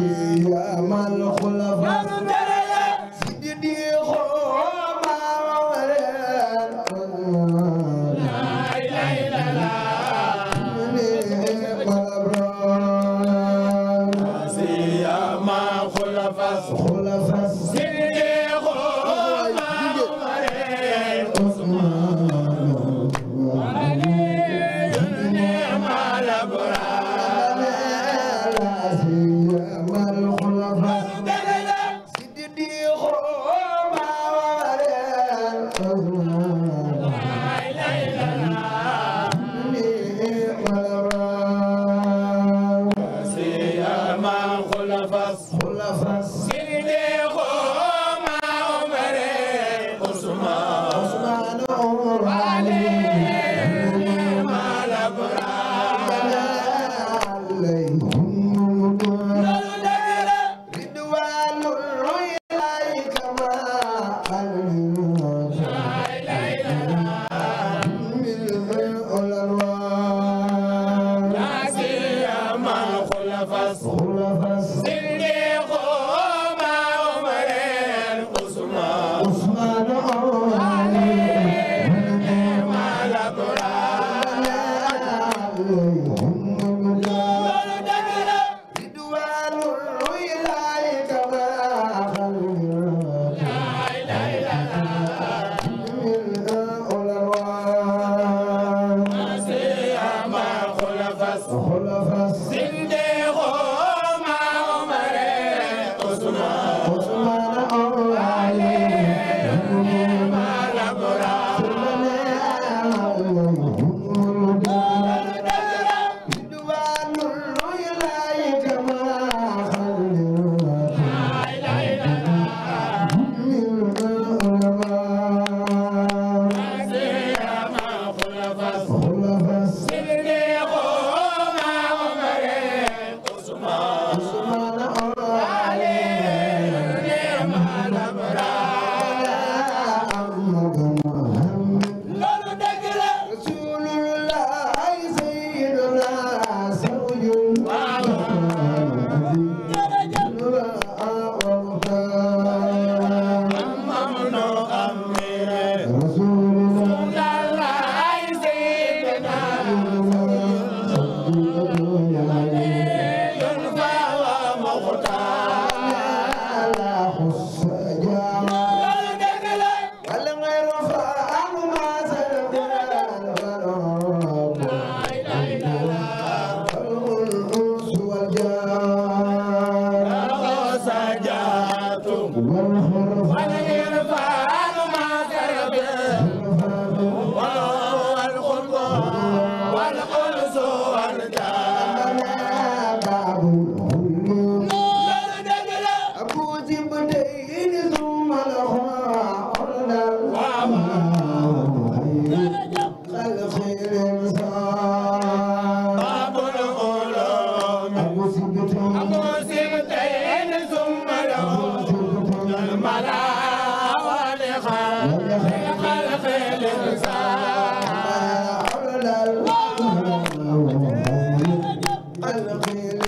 يا من خلف سيدي Aleluia.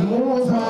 موسى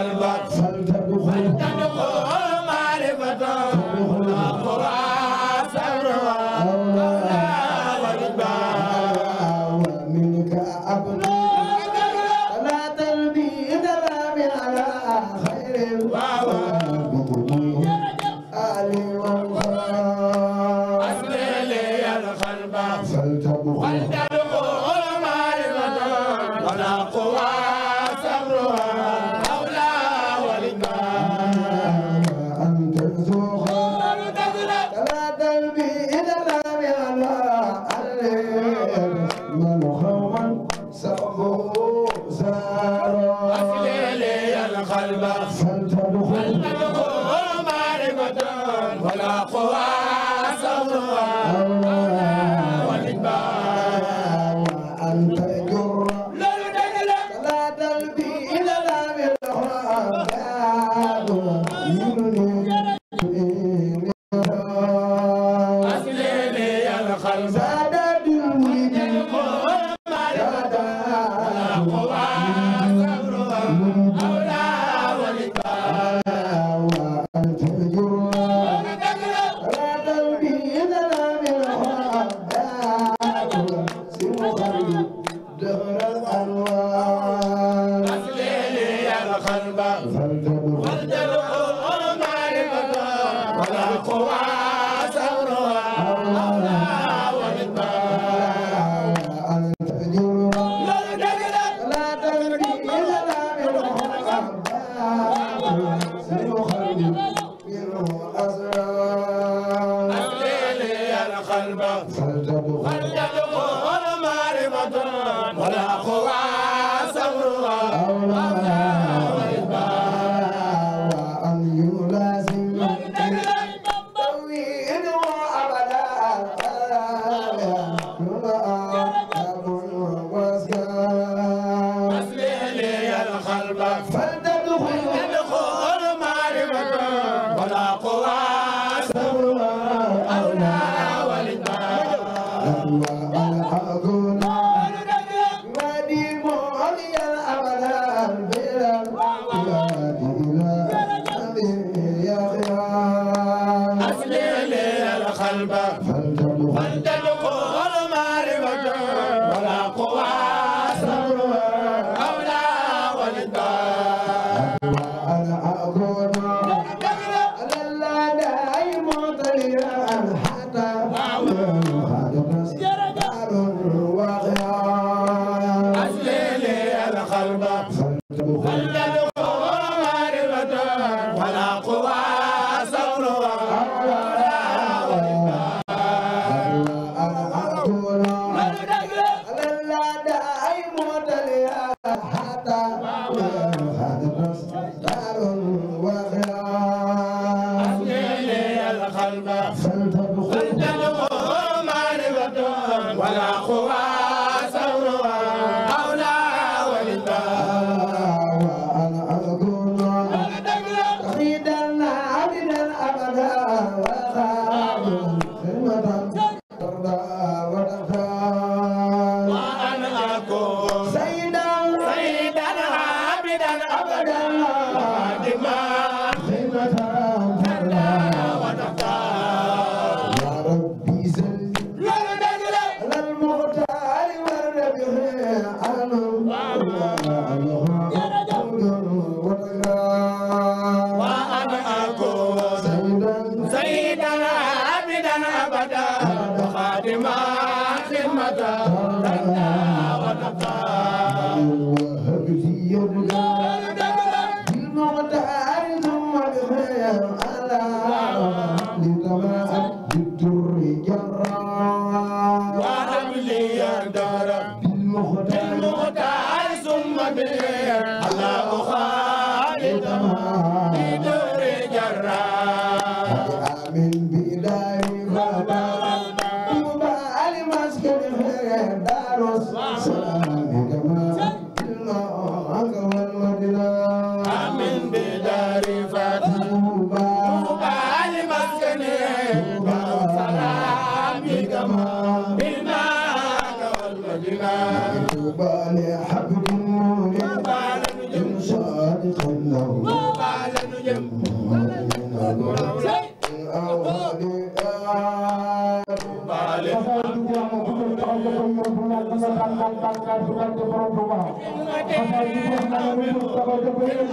الباب فلتدخل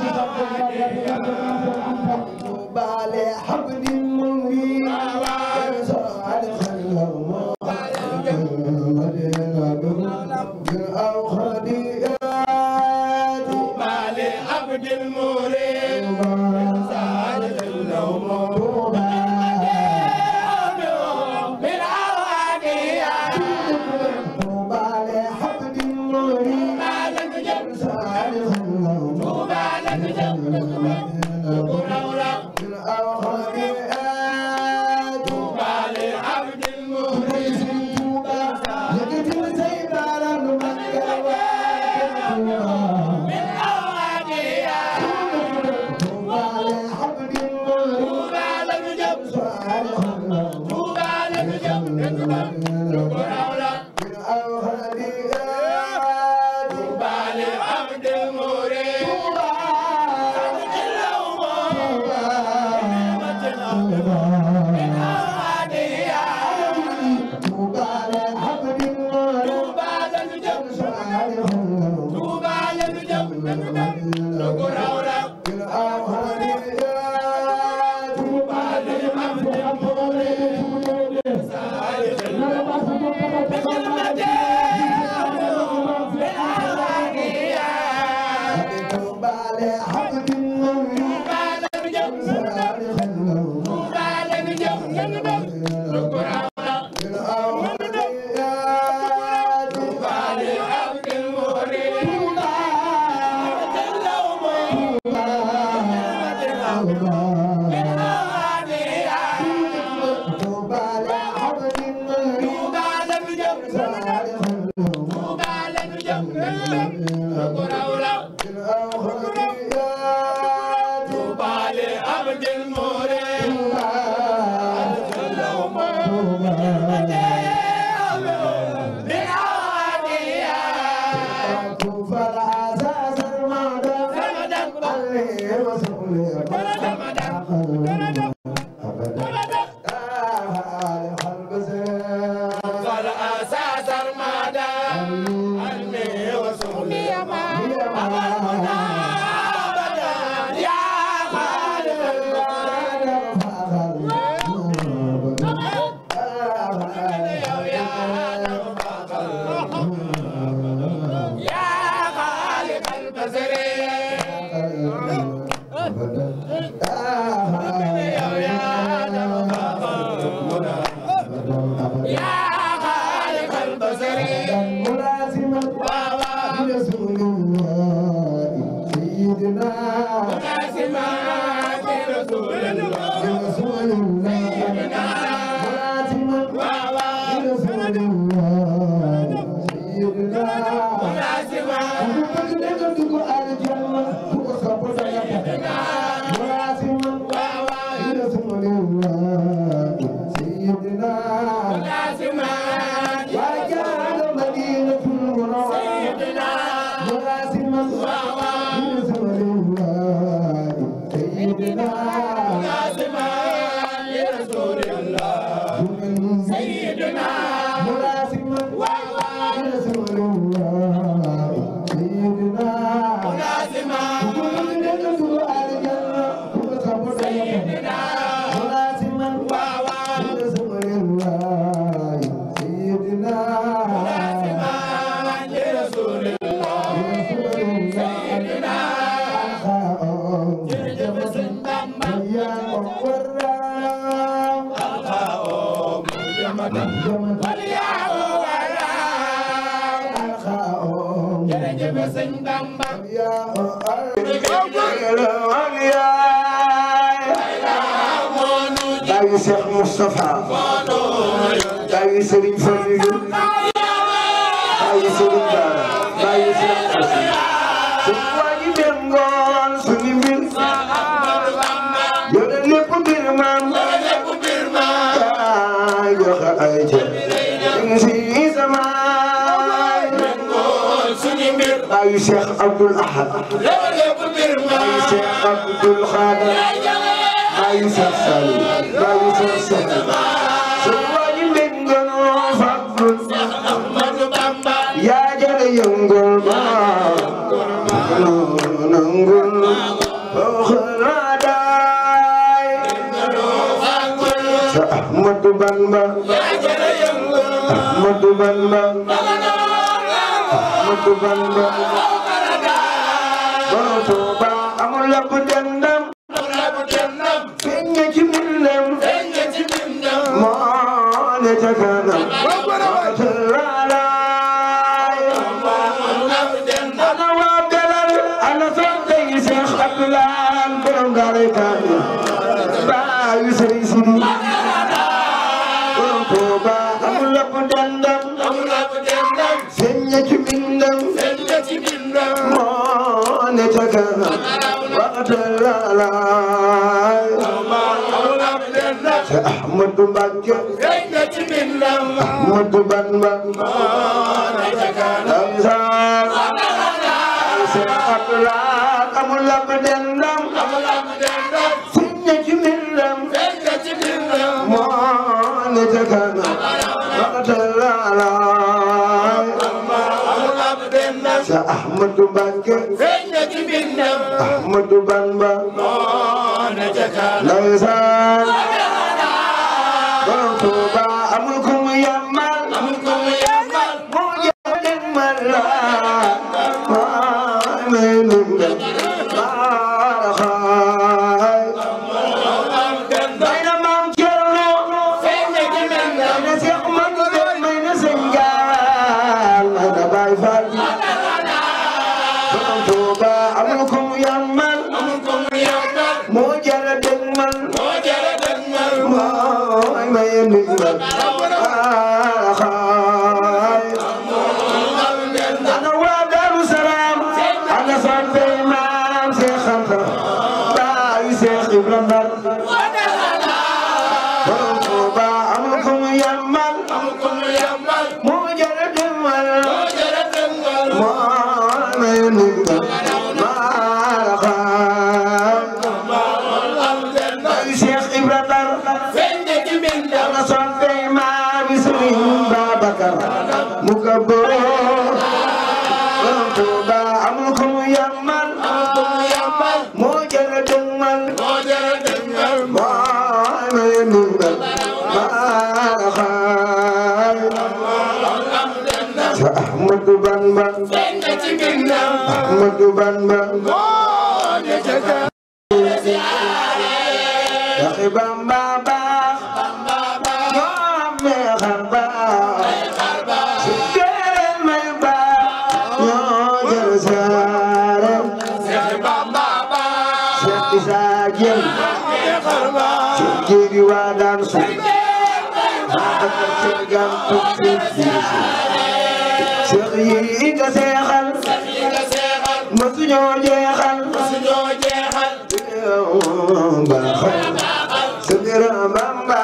Obrigado. شيخ مصطفى بايو سليم فليو بايو سليم بارا بايو سليم قسم سنواني بنغان سني بير يونا نيكو بيرمان يونا نيكو بيرمان سني زمان بايو سليم بير بايو شيخ عبد الأحد بايو شيخ عبد الخادر bàyyi sa sal bàyyi sa sal su wañu mbinganu fagul Ahmadu Bamba yaa jële yëngul ma nangul xalaadaay sa Ahmadu Bamba Ahmadu Bamba Ahmadu Bamba Borom Tuuba amul la bu del jóg rek na ci min lam mudu ban ba na jagan am sa sen akla amul lam dendam amul lam dendam sin na ci min lam rek na ci min lam mo na jagan waqtala ala sa ahmadu banke rek na ci min lam ahmadu ban ba mo na jagan lam sa Hallelujah. Ahmadu Bamba moo ne ca kanam waxi Bamba baax moo amee xar baax su dee may baax ñoo jël saare waxi Bamba baax Seex Isa Jeen su jiidi waa daan su waa daan su gan tukki Seex yi ka masuñoo jeexal masuñoo jeexal baaxal sëñëram Bamba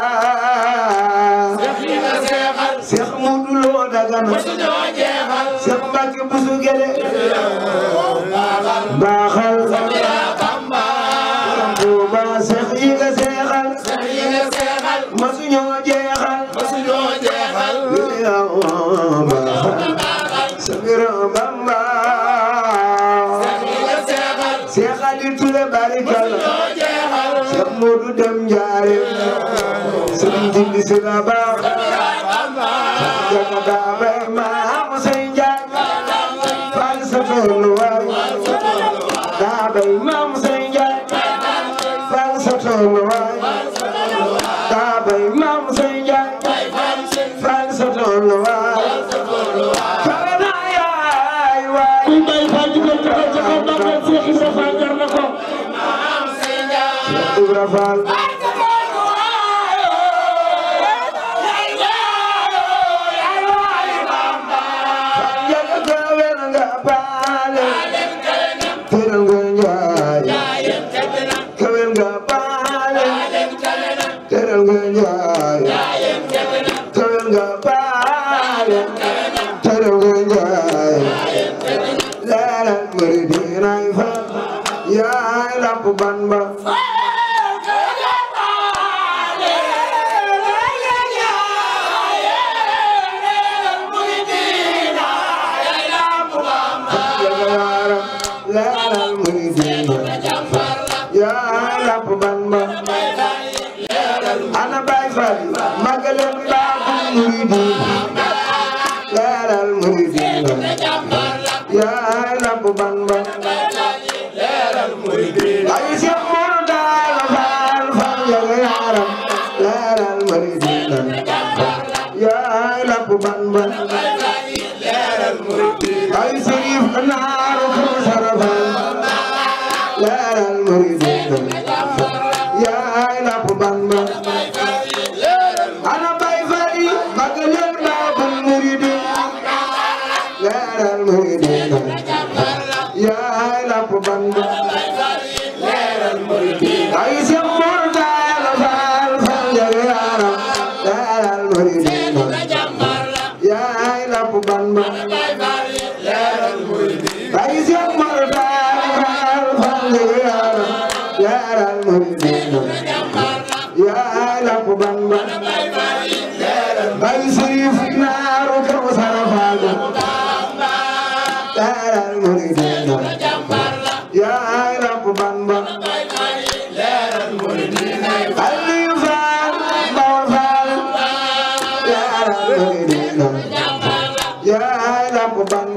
Seex Mudu Lo Dagana masuñoo jeexal Seex Mbàkke Busu Gele baaxal di Touré barikal Seex Moodu dem njaare sëriñ jindi si na baax Abbas. Yeah.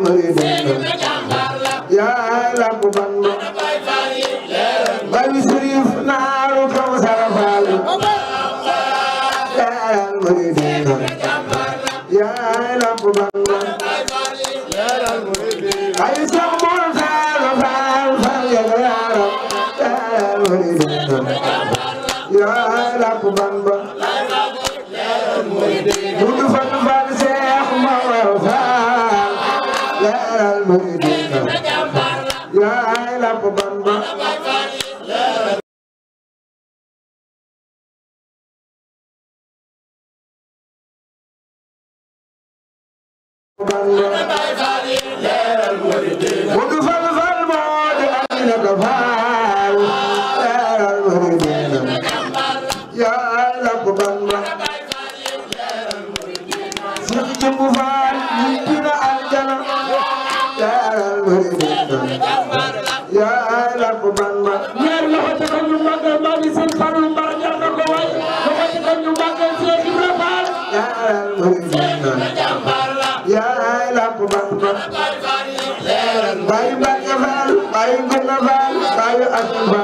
Murid Baye Mbacke Fall Baye Ngounda Fall Baye Assane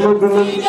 Muslims.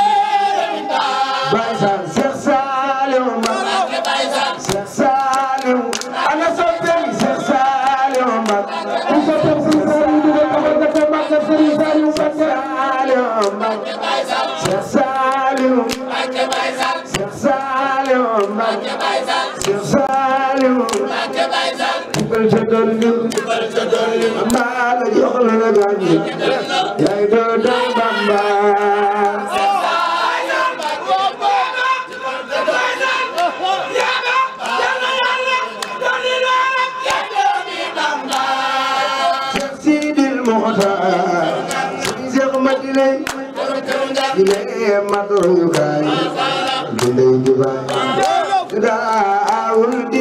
toroyukaay. Ndeye Diba. Daawul di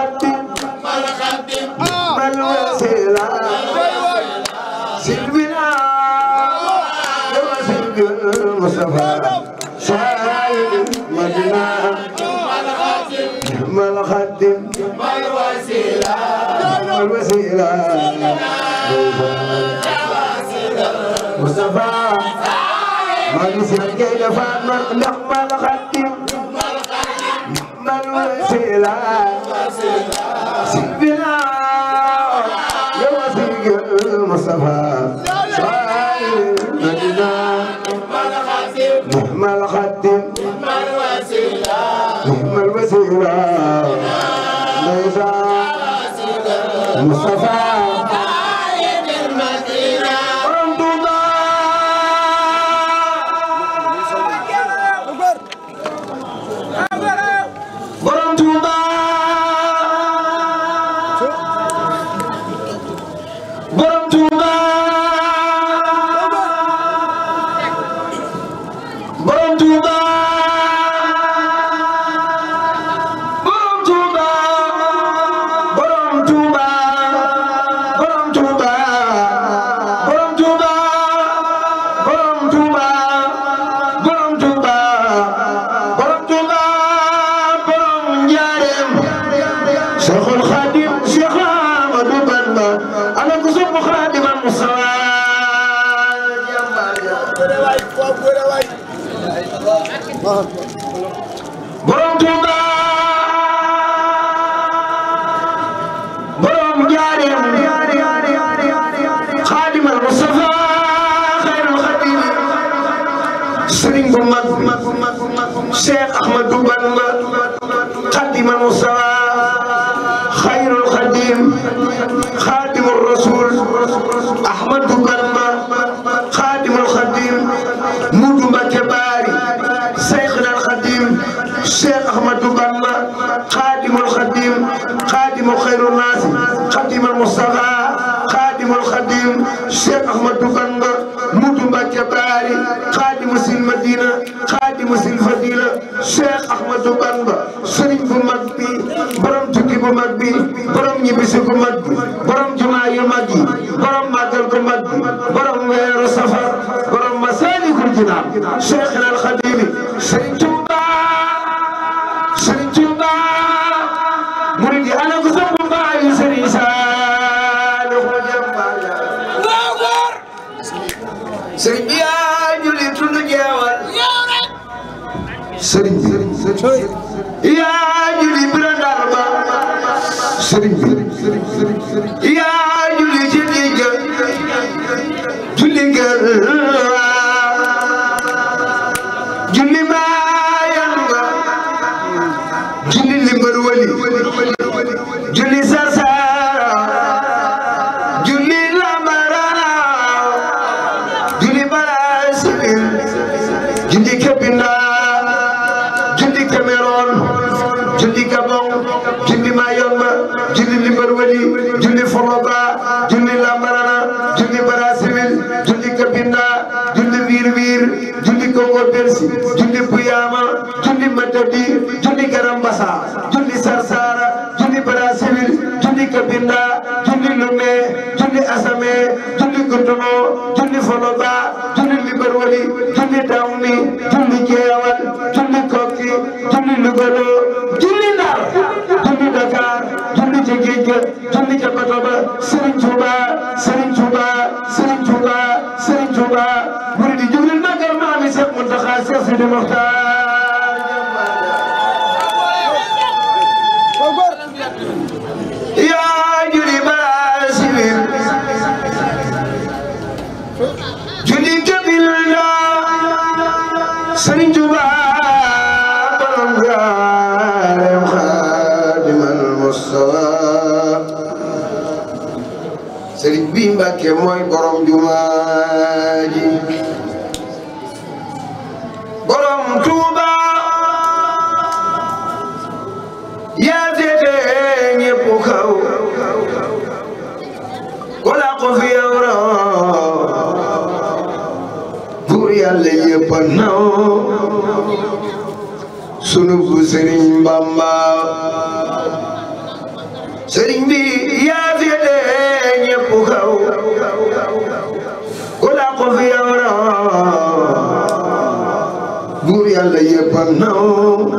المصطفى سعيد مدنا ما الخاتم ما الوسيلة ما الوسيلة مصطفى ما نسيت كيف ما لقب borom Touba borom Njaareem Xaadimal Mustafa xayrul xadim Sëriñ bu mag Cheikh Ahmadou Bamba Xaadimal Mustafa borom ñibbisi gu mag bi borom jumaa yu mag yi borom màggal gu mag bi borom weeru safar borom masalikul jinaan Cheikh al jundi kebbinɗa jundi cameron jundi gabon jundi mayonma jundi limbar waɗi ga julli ca bato ba Serigne Touba Serigne Touba Serigne Touba Serigne Touba murid yi jóg leen màggal Mbakke mooy borom jumaa ji borom Tuuba yaa seete ñépp kaw ku làqu fi yow raw buur yàlla yépp naw sunu bu Sëriñ Bamba Sëriñ bi yëpp a naw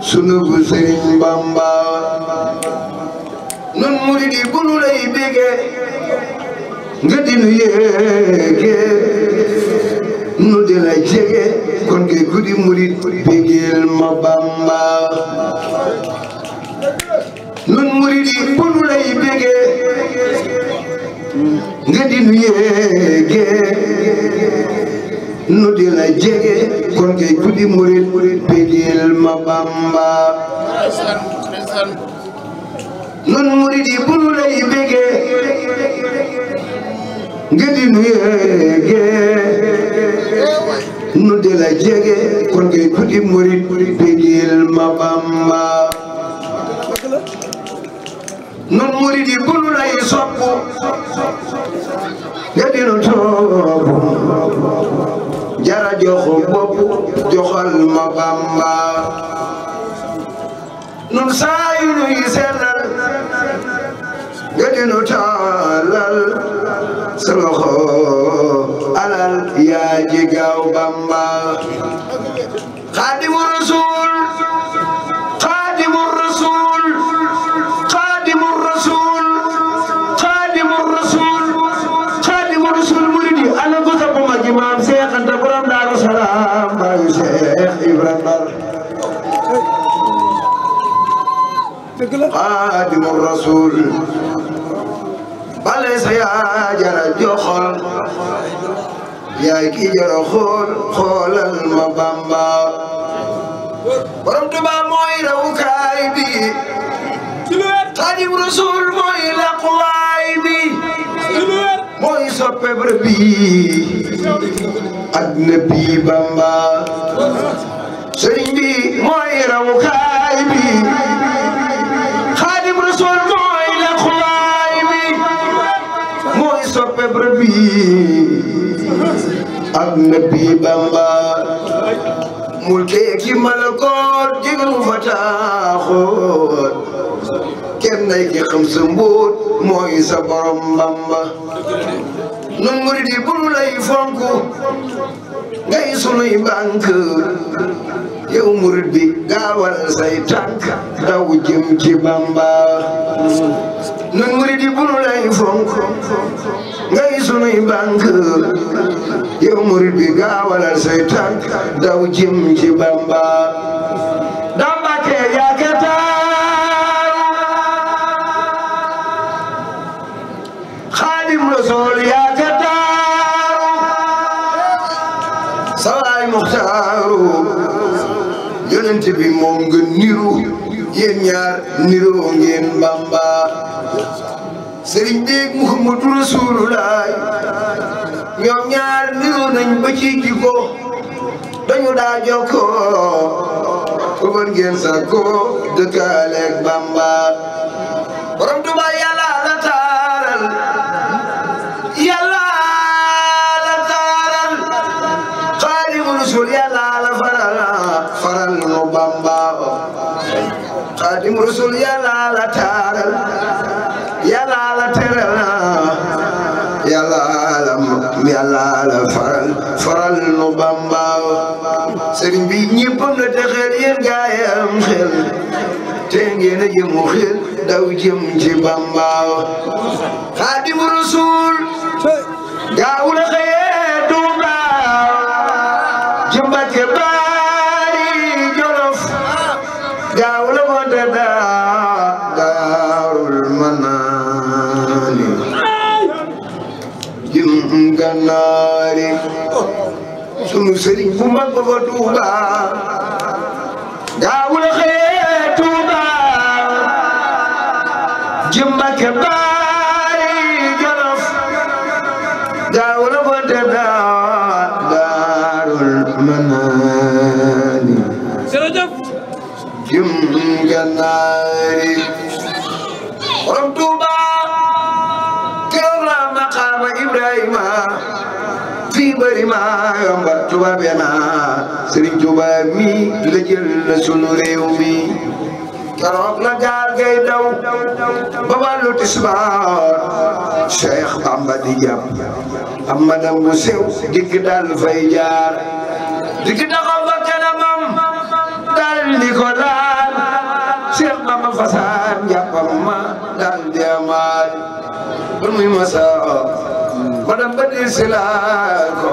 sunu bu nun murid yi bu nu lay bégee nga di nu yéegee nu di la jege kon kay guddi murid bégeel ma Bamba nun murid yi bu nu lay bégee nga di nu yéegee nu di la jege kon ngay juddi murit bégil ma Bamba nun murit yi bu lay bége nga nu yege nu di la jege kon ngay juddi murit bégil ma Bamba nun murit yi bu lay soppu jara joxu bopp joxal ma Bamba nun saa yu nuy sellal nga dinu taalal sa loxo alal yaa ji gaaw Bamba Xaadimu Rasuul أكبر خادم الرسول بل سياجر جخل يا كي جر خول خول المبامبا برم تبا موي رو كاي بي خادم رسول موي لقواي بي موي سبب ربي أدنبي بامبا sëriñ bi mooy raw xaay bi xaadim rasul mooy la xulaay bi mooy soppe bërëb bi ak nabi bamba mul keeki malakoot jiglu fa taaxoot kenn nay ki xam sa mooy sa borom bamba nun bu lay fonku ngay sunuy bank yow murit bi gaawal say tànk daw jëm ci Bamba nun murit yi bu lay fonk ngay sunuy bank yow murit bi gaawal say tànk daw jëm ci Bamba yéen ñaar niroo ngeen Bamba sëriñ bi Muhammadu Rasulullah ñoom ñaar niroo nañ ba ci jikko dañu daa jokkoo ko mën ngeen sa ko dëkkaaleeg Bamba rasul yàlla la taaral yàlla la teral yàlla la yàlla la faral faral nu bamba sëriñ bi ñëppam la te xel yéen gaay am xel te ngeen a jëmu xel daw jëm ci bamba xaadimu rasul kumba ko fa Tuuba daawul xëyee Tuuba jëmba ke ba Tuuba be na Sëriñ Tuuba mi la jël na sunu réew mi keroog la gaal gay daw ba wàllu tisbaar Cheikh Bamba di jàpp am bu sew digg dal fay jaar dal di dal di amaat ba muy masa ba dam ba ko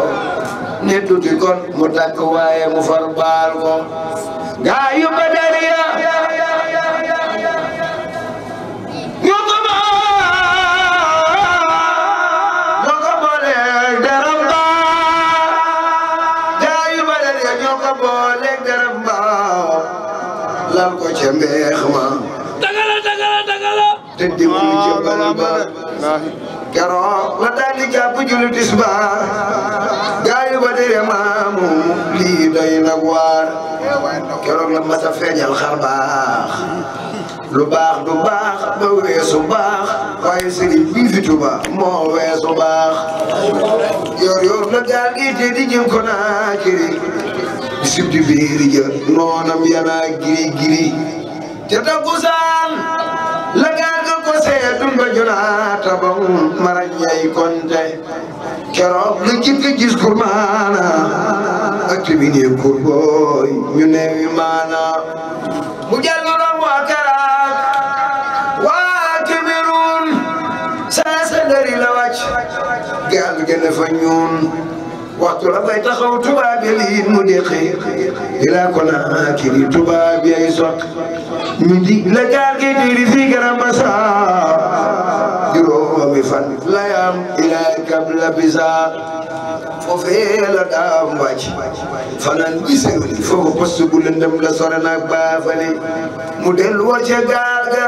nit du di kon mu takk waaye mu far baal ko gaa yu badariya ñu ko baal ñoo ko boole darab baal gaa yu badariya ñoo ko boole darab baal lal ko ca mbeex ma dagala dagala dagala te dimbali ca barab ba keroog la daal di jàpp julli tisbaar badire maamu lii doy baax lu baax du fi Tuuba moo weesu baax yor yor na gaal gi di jëm ko naa jëri di sib di biir ja noonam yanaa giri giri te takkusaan la gaal ga ba jonaata ba mu marañay konte keroog lu ci fi gis kurmaana ak ci bi ne kurbooy ñu ne wi maana mu jël lu doon waa waa kibirun sa dari la wàcc gaal gën a fa waxtu la taxaw tubaab yi mu deqi ilaa ko naa kiri tubaab yi ay sot ñu di la gaar gi diri fii garab fan la yam ilaa la bisa foofee la daam wàcc fanaan bi sewli foofu poste bu lëndëm la sore naag baafale mu delluwa ca gaar ga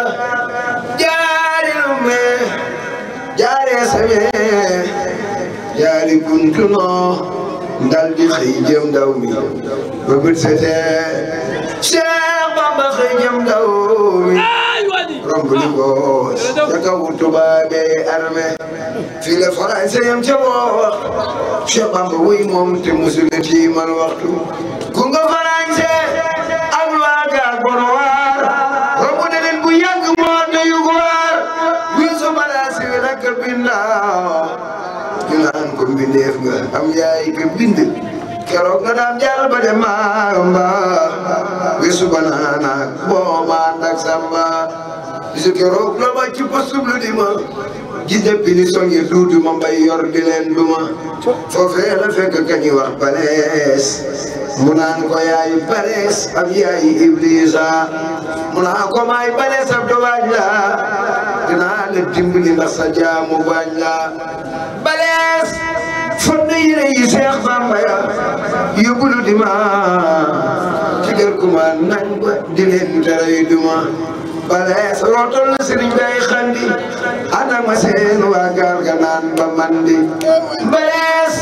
jaari lu mee yaa di buntu di xëy jëm ndaw mi setee Cheikh Bamba xëy jëm ndaw mi romb li ngoos ah, ca kaw tubaabe yam ca moo wax Cheikh Bamba wuy moom te musul ci waxtu ku nga français ak waa gaal bon waar romb na leen bu yàgg moo doyu waar yusu bala naan ko mbindeef nga am yaay ka bind keroog nga daan jàll ba dem Maamba bisu ba naan ak booma ndak Samba bisu keroog la ma ci posub lu di ma ji dëppi ni duudu ma mbay yor di leen duma foofee la fekk ka ñu wax balees mu naan ko yaay balees ab yaay iblisa mu naan ko maay balees ab dowaaj la dinaa la dimbali ndax jaamu bañ la balees fonde yére yi Seex Bamba ya yóbbulu di ma ci kër ku ma nañ ba di dara yu duma balees rootol na sëriñ bay xandi ana ma seen waa gaal ga naan ba mandi balees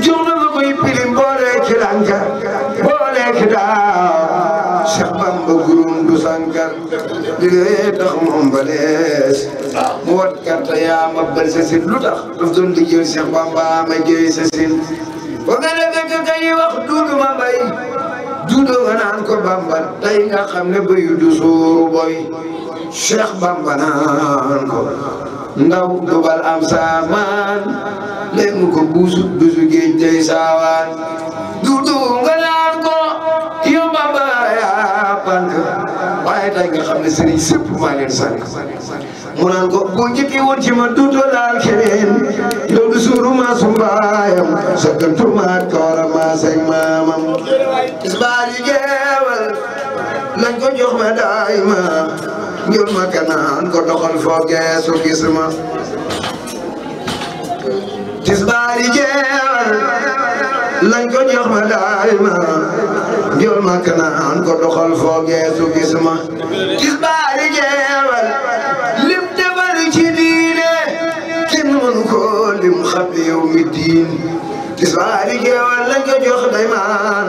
jox na ma koy boole ki langa boole ki daaw Seex Bamba guru sàngar di ree tax moom balees mu wat lu tax daf doon liggéey Bamba ma jëy sa sin wa nga ne dëgg kay wax ma bay duudu nga naan ko Bamba tey nga xam ne bayu du suuru boy Bamba naan ko ndaw du bal am saamaan leen ko buusu buusu géej tey saawaan duudu nga naan taay taay nga xam ne ko bu ma duutoo ma su mbaayam sëkkantu ma ko jox ma daay ma ngir ma kanaan ko ko jox ma daay ma ngir ma kanaan ko doxal foo geesu gis ma gis baari jeewal lim defar ci diine kenn mën ko lim xam yow mi diin gis baari jeewal lañ ko jox daymaan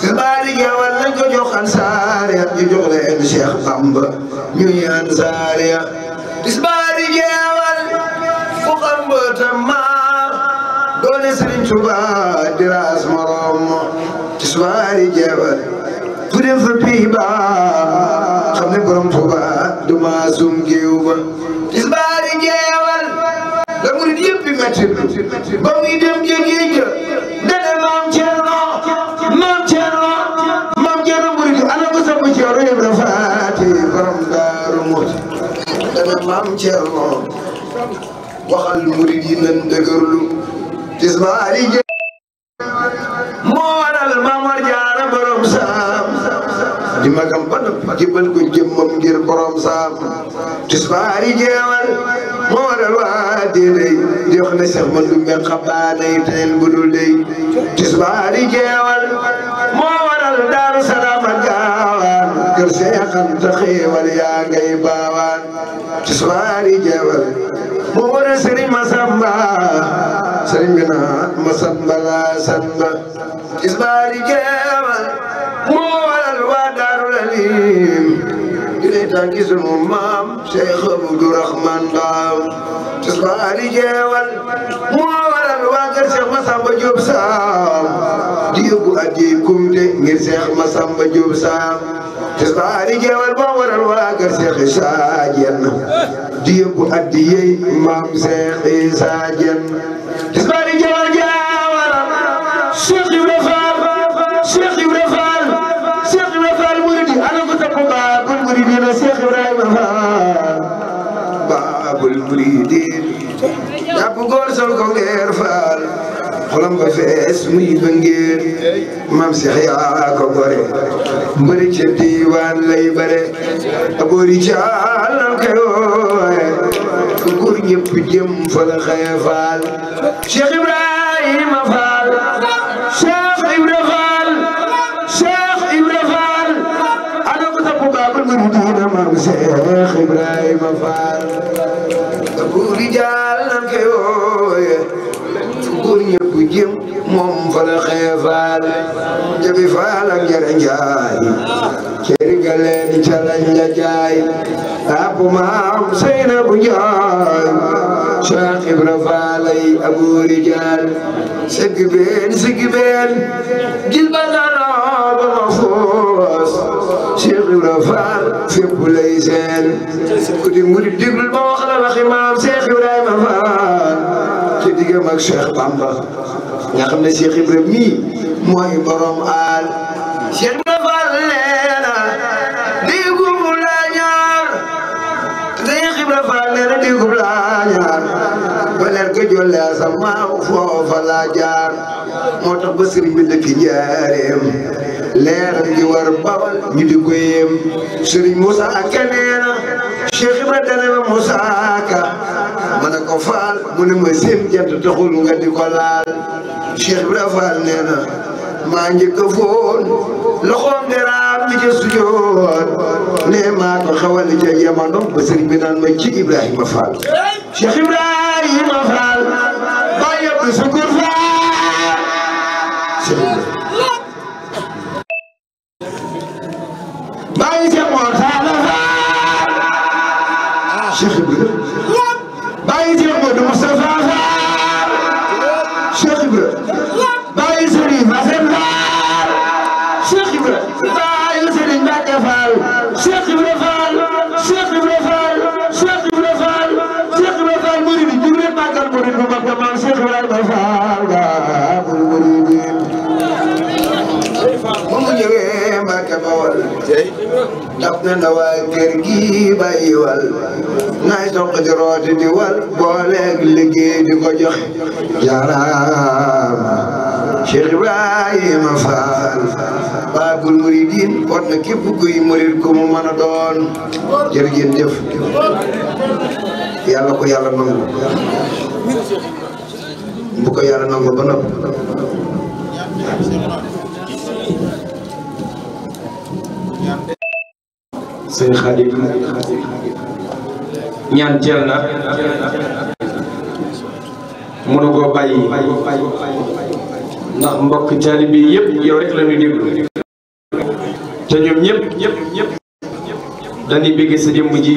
gis baari jeewal lañ ko jox ansaariya ñu jox leen Cheikh Bamba ñuy ansaariya gis baari jeewal fu xam ba tam maa doole Sëriñ Tuubaa dira suwaari jeewal ku dem fa pii ba xam ne borom Tuuba du maasum géew ba tisbaari jeewal la murid yëpp bi mettit ba muy dem ca géej ga dana maam Cerno maam Cerno maam Cerno murid ana ko sama Cerno Ibra Faati borom Daaru Muxti dana maam Cerno waxal murid yi nan dëgërlu tisbaari di magam ba noppi jibal ko jëmmam jeewal moo dal waa déedéy di wax ne sax man du mel xabaanay teel bu dul dey tisbaari jeewal moo waral daaru salaam ak gaawaan kër seexan ta yaa ngay baawaan tisbaari jeewal moo waral sëriñ Masamba sëriñ bi naa Masamba laa samba tisbaari jeewal moo waral Xadim dine tànki sunu maam Cheikh Abdou Rahmane Ndaam tisbaari jeewal moo waral waa kër Cheikh Massamba Diop Sam di yóbbu addi kumte ngir Cheikh Massamba Diop Sam tisbaari jeewal moo waral waa kër Cheikh Issa Diène di yóbbu addi yey maam Cheikh Issa Diène tisbaari jeewal غور سلكو غير فال خلم غفيس مي بنغير مام سيحيا كو مري تشي ديوان لي بري ابو رجال كيوي كوكور يب يم فال خيفال شيخ ابراهيم فال شيخ ابراهيم فال شيخ ابراهيم فال انا كنت ابو قابل مام شيخ ابراهيم فال jëm moom fa la xeefaal jabi faal ak jara njaay ceri galeen ca lañ la jaay abu maam seyna bu njaay Cheikh Ibra Faalay abu rijaal sëgg been sëgg been jil ba lanaa ba ma foos Cheikh Ibra Faal fépp lay seen ku di murid déglul ba wax la waxi maam Cheikh Ibrahima Faal ci diggam ak Cheikh Bamba nga xam ne Cheikh Ibra mii mooy borom aal Cheikh Ibra Fall leena la ñaar Cheikh Ibra Fall la ñaar ba leer ko jolle sama foofa la jaar moo tax ba sëriñ bi dëkk njaareem leer gi war bawal ñu di ko yem Sëriñ Moussa Cheikh Ibra dana faal mu ne ma maa njëkk a ci nana waa kër gi bàyyi wal naay soq di rooti di wal booleeg liggéey di ko joxe jaaraama Cheikh Ibrahima Fall Babul Muridin kon na képp kuy murid ku mu mën a doon jërëjëf jëf yàlla ko yàlla nangu bu ko yàlla nangu ba noppi sëñ Xaadim ñaan teel na mënu koo bàyyi ndax mbokk taalibe bi yëpp yow rek la ñuy te ñoom ñëpp ñëpp ñëpp dañuy bëgg sa jëmm ji